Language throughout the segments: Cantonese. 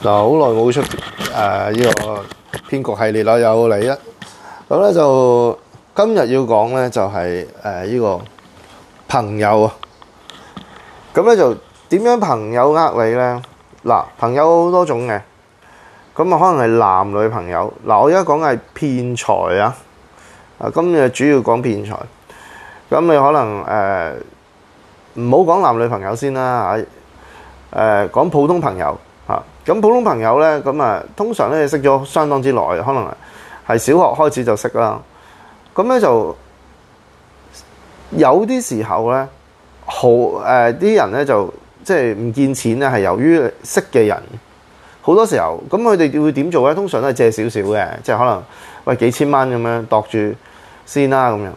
嗱，好耐冇出誒呢個騙局系列啦，又嚟一咁咧就今日要講咧就係誒呢個朋友啊，咁咧就點樣朋友呃你咧？嗱，朋友好多種嘅，咁啊可能係男女朋友嗱，我而家講係騙財啊，啊今日主要講騙財，咁你可能誒唔好講男女朋友先啦嚇，誒講普通朋友。啊，咁普通朋友咧，咁啊，通常咧識咗相當之耐，可能係小學開始就識啦。咁咧就有啲時候咧，好誒啲、呃、人咧就即係唔見錢咧，係由於識嘅人好多時候，咁佢哋會點做咧？通常都係借少少嘅，即係可能喂幾千蚊咁樣度住先啦咁樣。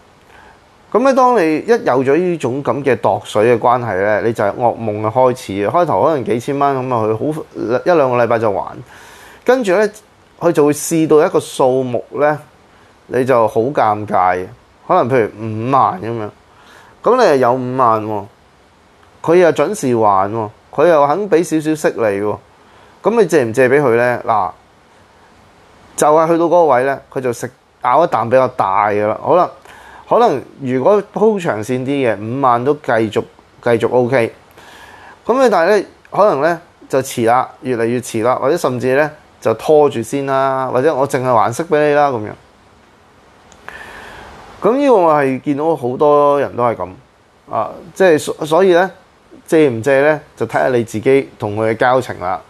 咁咧，當你一有咗呢種咁嘅度水嘅關係咧，你就係噩夢嘅開始。開頭可能幾千蚊咁啊，佢好一兩個禮拜就還。跟住咧，佢就會試到一個數目咧，你就好尷尬。可能譬如五萬咁樣，咁你又有五萬喎，佢又準時還喎，佢又肯俾少少息你喎，咁你借唔借俾佢咧？嗱，就係去到嗰位咧，佢就食咬一啖比較大嘅啦，好啦。可能如果鋪長線啲嘅五萬都繼續繼續 OK，咁你但係咧可能咧就遲啦，越嚟越遲啦，或者甚至咧就拖住先啦，或者我淨係還息俾你啦咁樣。咁呢個我係見到好多人都係咁啊，即係所所以咧借唔借咧就睇下你自己同佢嘅交情啦。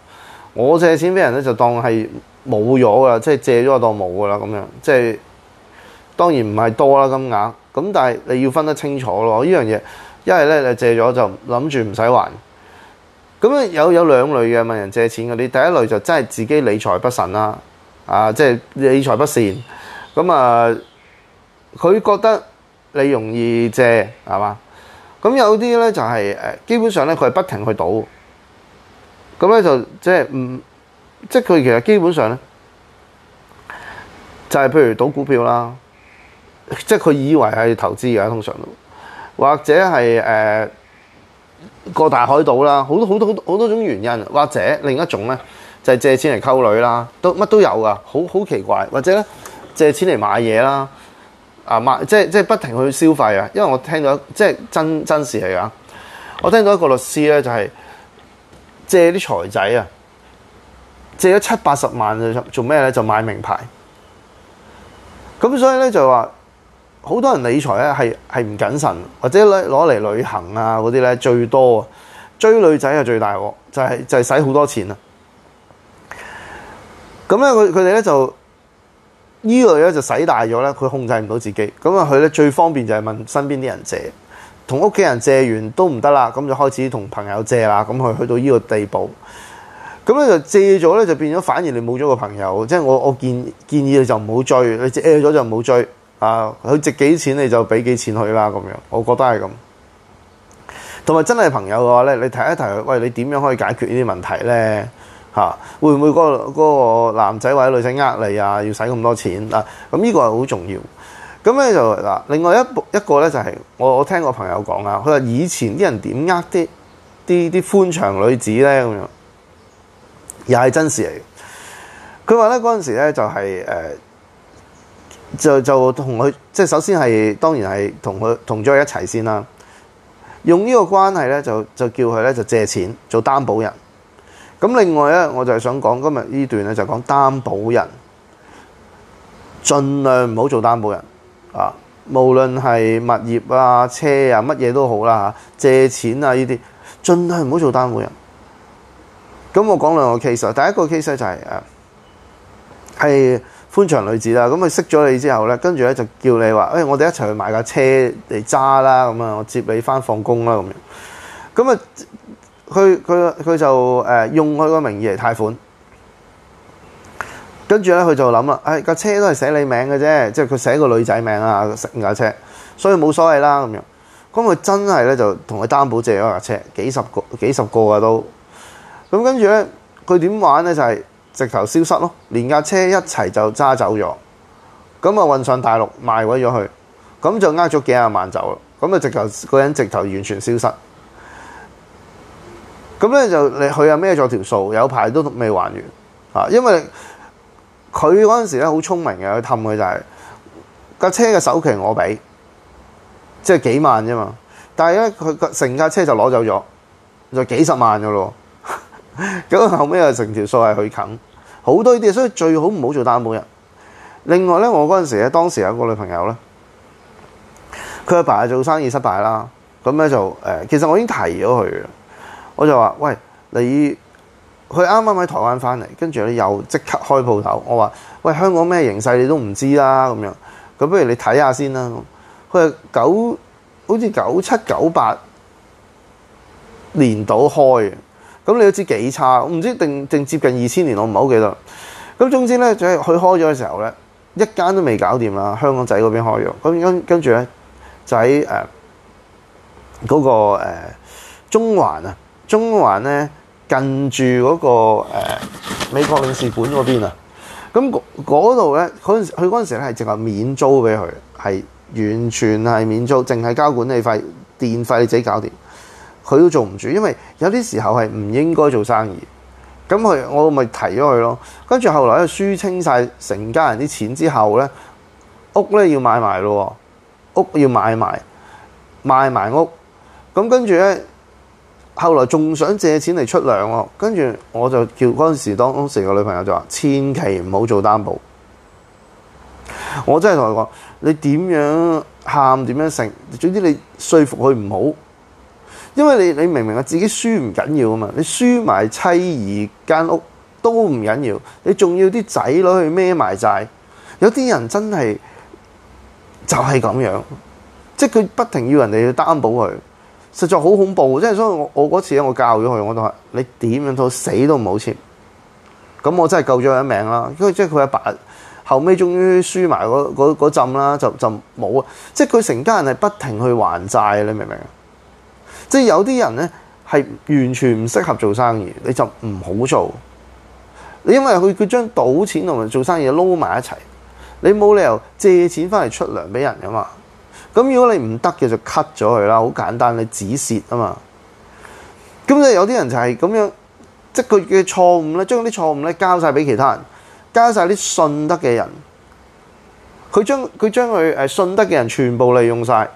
我借錢俾人咧就當係冇咗噶啦，即係借咗當冇噶啦咁樣，即係。當然唔係多啦金額，咁但係你要分得清楚咯呢樣嘢，一係咧你借咗就諗住唔使還，咁啊有有兩類嘅問人借錢嗰，你第一類就真係自己理財不慎啦，啊即係、就是、理財不善，咁啊佢覺得你容易借係嘛？咁有啲咧就係誒，基本上咧佢係不停去賭，咁咧就即係唔即係佢其實基本上咧就係譬如賭股票啦。即係佢以為係投資嘅，通常都，或者係誒、呃、過大海島啦，好多好多好多種原因，或者另一種咧就係、是、借錢嚟溝女啦，都乜都有噶，好好奇怪，或者借錢嚟買嘢啦，啊買即係即係不停去消費啊，因為我聽到即係真真事嚟噶，我聽到一個律師咧就係、是、借啲財仔啊，借咗七八十萬做咩咧就買名牌，咁所以咧就話。好多人理財咧係係唔謹慎，或者攞攞嚟旅行啊嗰啲咧最多啊，追女仔係最大鑊，就係、是、就係使好多錢啊！咁咧佢佢哋咧就依類咧就使大咗咧，佢控制唔到自己。咁啊佢咧最方便就係問身邊啲人借，同屋企人借完都唔得啦，咁就開始同朋友借啦。咁佢去到呢個地步，咁咧就借咗咧就變咗，反而你冇咗個朋友。即係我我建建議你就唔好追，你借咗就唔好追。啊！佢值幾錢你就俾幾錢佢啦咁樣，我覺得係咁。同埋真係朋友嘅話咧，你睇一睇，喂，你點樣可以解決呢啲問題咧？嚇、啊，會唔會、個嗰、個男仔或者女仔呃你啊？要使咁多錢啊？咁呢個係好重要。咁咧就嗱，另外一一個咧就係、係、我我聽個朋友講啊，佢話以前啲人點呃啲啲啲歡場女子咧咁樣，又係真事嚟。佢話咧嗰陣時咧就係、係、誒。呃就就同佢，即係首先係，當然係同佢同咗佢一齊先啦。用呢個關係咧，就就叫佢咧就借錢做擔保人。咁另外咧，我就係想講今日呢段咧就講擔保人，盡量唔好做擔保人啊！無論係物業啊、車啊、乜嘢都好啦嚇、啊，借錢啊呢啲，盡量唔好做擔保人。咁我講兩個 case，第一個 case 就係誒係。啊歡場女子啦，咁佢識咗你之後咧，跟住咧就叫你話，誒，我哋一齊去買架車嚟揸啦，咁啊，我接你翻放工啦，咁樣。咁啊，佢佢佢就誒用佢個名義嚟貸款，跟住咧佢就諗啦，誒，架車都係寫你名嘅啫，即係佢寫個女仔名啊，成架車，所以冇所謂啦，咁樣。咁佢真係咧就同佢擔保借咗架車，幾十個幾十個啊都。咁跟住咧，佢點玩咧就係。直頭消失咯，連架車一齊就揸走咗，咁啊運上大陸賣鬼咗佢，咁就呃咗幾廿萬走，咁啊直頭個人直頭完全消失，咁咧就你佢又孭咗條數，有排都未還完啊！因為佢嗰陣時咧好聰明嘅，佢氹佢就係架車嘅首期我俾，即係幾萬啫嘛，但係咧佢個成架車就攞走咗，就幾十萬噶咯。咁 後尾又成條數係去啃，好多呢啲，所以最好唔好做擔保人。另外咧，我嗰陣時咧，當時有個女朋友咧，佢阿爸做生意失敗啦，咁咧就誒，其實我已經提咗佢嘅，我就話：喂，你佢啱啱喺台灣翻嚟，跟住咧又即刻開鋪頭。我話：喂，香港咩形勢你都唔知啦，咁樣，咁不如你睇下先啦。佢九好似九七九八年度開嘅。咁你都知幾差，我唔知定定接近二千年，我唔係好記得。咁總之咧，就係、是、佢開咗嘅時候咧，一間都未搞掂啦。香港仔嗰邊開咗，咁跟跟住咧就喺誒嗰個中環啊，中環咧近住嗰、嗰個、呃、美國領事館嗰邊啊。咁嗰度咧，嗰陣時佢嗰陣時咧係淨係免租俾佢，係完全係免租，淨係交管理費、電費你自己搞掂。佢都做唔住，因為有啲時候係唔應該做生意。咁佢我咪提咗佢咯。跟住後來咧，輸清晒成家人啲錢之後咧，屋咧要賣埋咯，屋要賣埋，賣埋屋。咁跟住咧，後來仲想借錢嚟出糧喎。跟住我就叫嗰陣時，當時個女朋友就話：千祈唔好做擔保。我真係同佢講，你點樣喊，點樣盛，總之你說服佢唔好。因為你你明唔明啊？自己輸唔緊要啊嘛，你輸埋妻兒間屋都唔緊要，你仲要啲仔女去孭埋債。有啲人真係就係咁樣，即係佢不停要人哋去擔保佢，實在好恐怖。即係所以我我嗰次我教咗佢，我都係你點樣到死都唔好簽。咁我真係救咗佢一命啦。因為即係佢阿爸後尾終於輸埋嗰陣啦，就就冇啊。即係佢成家人係不停去還債，你明唔明？即係有啲人咧係完全唔適合做生意，你就唔好做。因為佢佢將賭錢同埋做生意撈埋一齊，你冇理由借錢翻嚟出糧俾人噶嘛。咁如果你唔得嘅就 cut 咗佢啦，好簡單，你止蝕啊嘛。咁咧有啲人就係咁樣，即係佢嘅錯誤咧，將啲錯誤咧交晒俾其他人，交晒啲信德嘅人。佢將佢將佢誒信德嘅人全部利用晒。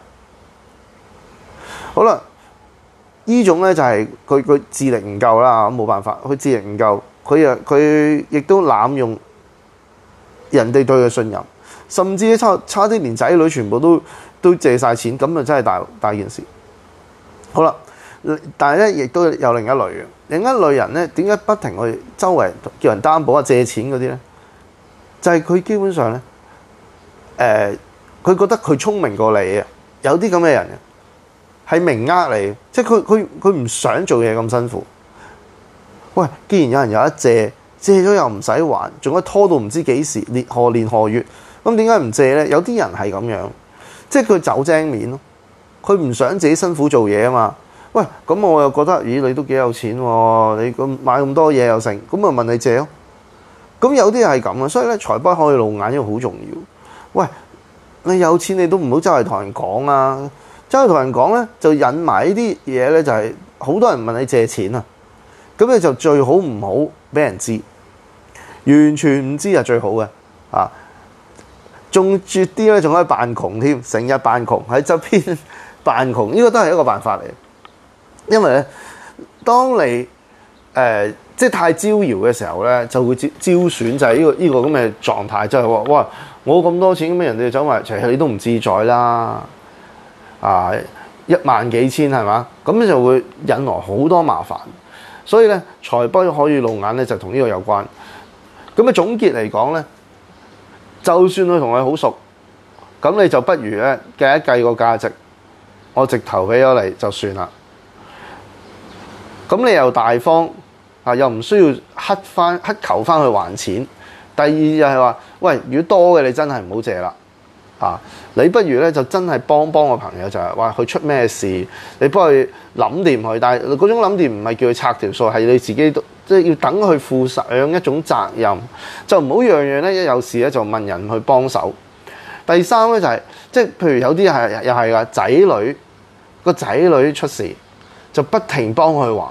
好啦。呢種咧就係佢佢智力唔夠啦，冇辦法。佢智力唔夠，佢又佢亦都濫用人哋對佢信任，甚至差差啲連仔女全部都都借晒錢，咁啊真係大大件事。好啦，但係咧亦都有另一類，另一類人咧點解不停去周圍叫人擔保啊借錢嗰啲咧？就係佢基本上咧，誒，佢覺得佢聰明過你啊，有啲咁嘅人。係名額嚟，即係佢佢佢唔想做嘢咁辛苦。喂，既然有人有得借，借咗又唔使還，仲可以拖到唔知幾時，咧，何年何月？咁點解唔借咧？有啲人係咁樣，即係佢走精面咯。佢唔想自己辛苦做嘢啊嘛。喂，咁我又覺得，咦，你都幾有錢喎？啊？你咁買咁多嘢又成，咁啊問你借咯，啊。咁有啲係咁啊，所以咧財不可以露眼，呢個好重要。喂，你有錢你都唔好周圍同人講啊。即係同人講咧，就引埋呢啲嘢咧，就係、是、好多人問你借錢啊，咁你就最好唔好俾人知，完全唔知係最好嘅啊！仲絕啲咧，仲可以扮窮添、啊，成日扮窮喺側邊扮窮，呢個都係一個辦法嚟。因為咧，當你誒、呃、即係太招搖嘅時候咧，就會招招損就、這個，就係呢個呢個咁嘅狀態，就係、是、話：哇！我咁多錢，咁人哋走埋，其實你都唔自在啦。啊，一萬幾千係嘛？咁你就會引來好多麻煩，所以咧財不可以露眼咧，就同呢個有關。咁啊總結嚟講咧，就算佢同佢好熟，咁你就不如咧計一計個價值，我直頭俾咗你就算啦。咁你又大方啊，又唔需要乞翻乞求翻去還錢。第二就係話，喂，如果多嘅你真係唔好借啦。啊！你不如咧就真係幫幫個朋友，就係話佢出咩事，你幫佢諗掂佢。但係嗰種諗掂唔係叫佢拆條數，係你自己都即係要等佢負上一種責任，就唔好樣樣咧一有事咧就問人去幫手。第三咧就係即係，譬如有啲係又係噶仔女個仔女出事，就不停幫佢還。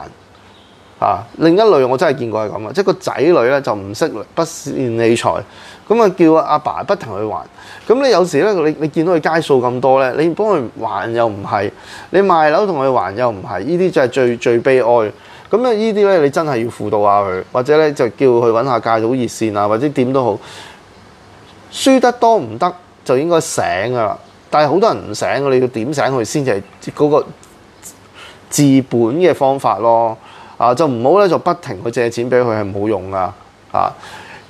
啊！另一類我真係見過係咁嘅，即係個仔女咧就唔識不善理財，咁啊叫阿爸，爸不停去還。咁你有時咧，你你見到佢街數咁多咧，你幫佢還又唔係，你賣樓同佢還又唔係，呢啲就係最最悲哀。咁咧呢啲咧你真係要輔導下佢，或者咧就叫佢揾下戒賭熱線啊，或者點都好。輸得多唔得就應該醒㗎喇，但係好多人唔醒，你要點醒佢先，嗰個？至係嗰個治本嘅方法咯。啊，就唔好咧，就不停去借錢俾佢，係冇用噶。啊，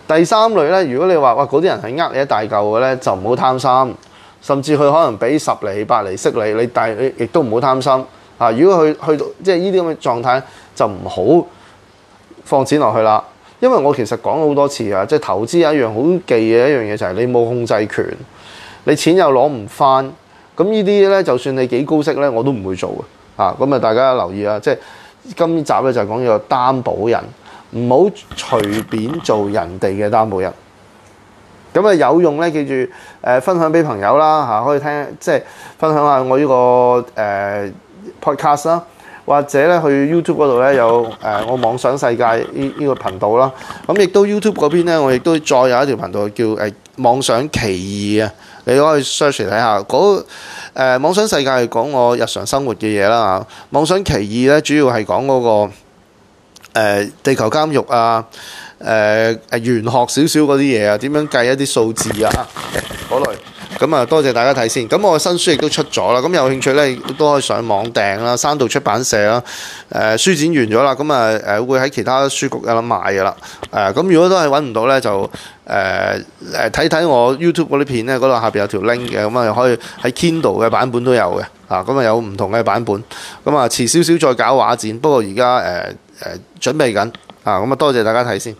第三類咧，如果你話哇，嗰啲人係呃你一大嚿嘅咧，就唔好貪心，甚至佢可能俾十厘、百厘息你，你但係你亦都唔好貪心。啊，如果佢去到即係呢啲咁嘅狀態，就唔好放錢落去啦。因為我其實講咗好多次啊，即係投資有一樣好忌嘅一樣嘢，就係你冇控制權，你錢又攞唔翻。咁呢啲咧，就算你幾高息咧，我都唔會做嘅。啊，咁啊，大家留意啊，即係。今集咧就講咗個擔保人，唔好隨便做人哋嘅擔保人。咁啊有用咧，記住誒、呃、分享俾朋友啦嚇、啊，可以聽即係分享下我呢、這個誒、呃、podcast 啦。或者咧去 YouTube 度咧有誒、呃、我妄想世界呢呢、這個頻道啦，咁、啊、亦都 YouTube 邊咧我亦都再有一條頻道叫誒、呃、妄想奇異啊，你可以 search 睇下嗰誒妄想世界係講我日常生活嘅嘢啦吓，妄想奇異咧主要係講、那個誒、呃、地球監獄啊，誒、呃、誒玄學少少啲嘢啊，點樣計一啲數字啊，好耐。咁啊，多謝大家睇先。咁我新書亦都出咗啦，咁有興趣咧都可以上網訂啦。三度出版社山道出版社啦，誒、呃、書展完咗啦，咁啊誒會喺其他書局有得賣嘅啦。誒、呃、咁如果都係揾唔到咧，就誒誒睇睇我 YouTube 嗰啲片咧，嗰度下邊有條 link 嘅，咁啊又可以喺 Kindle 嘅版本都有嘅。啊，咁、嗯、啊有唔同嘅版本。咁啊遲少少再搞畫展，不過而家誒誒準備緊。啊，咁啊多謝大家睇先。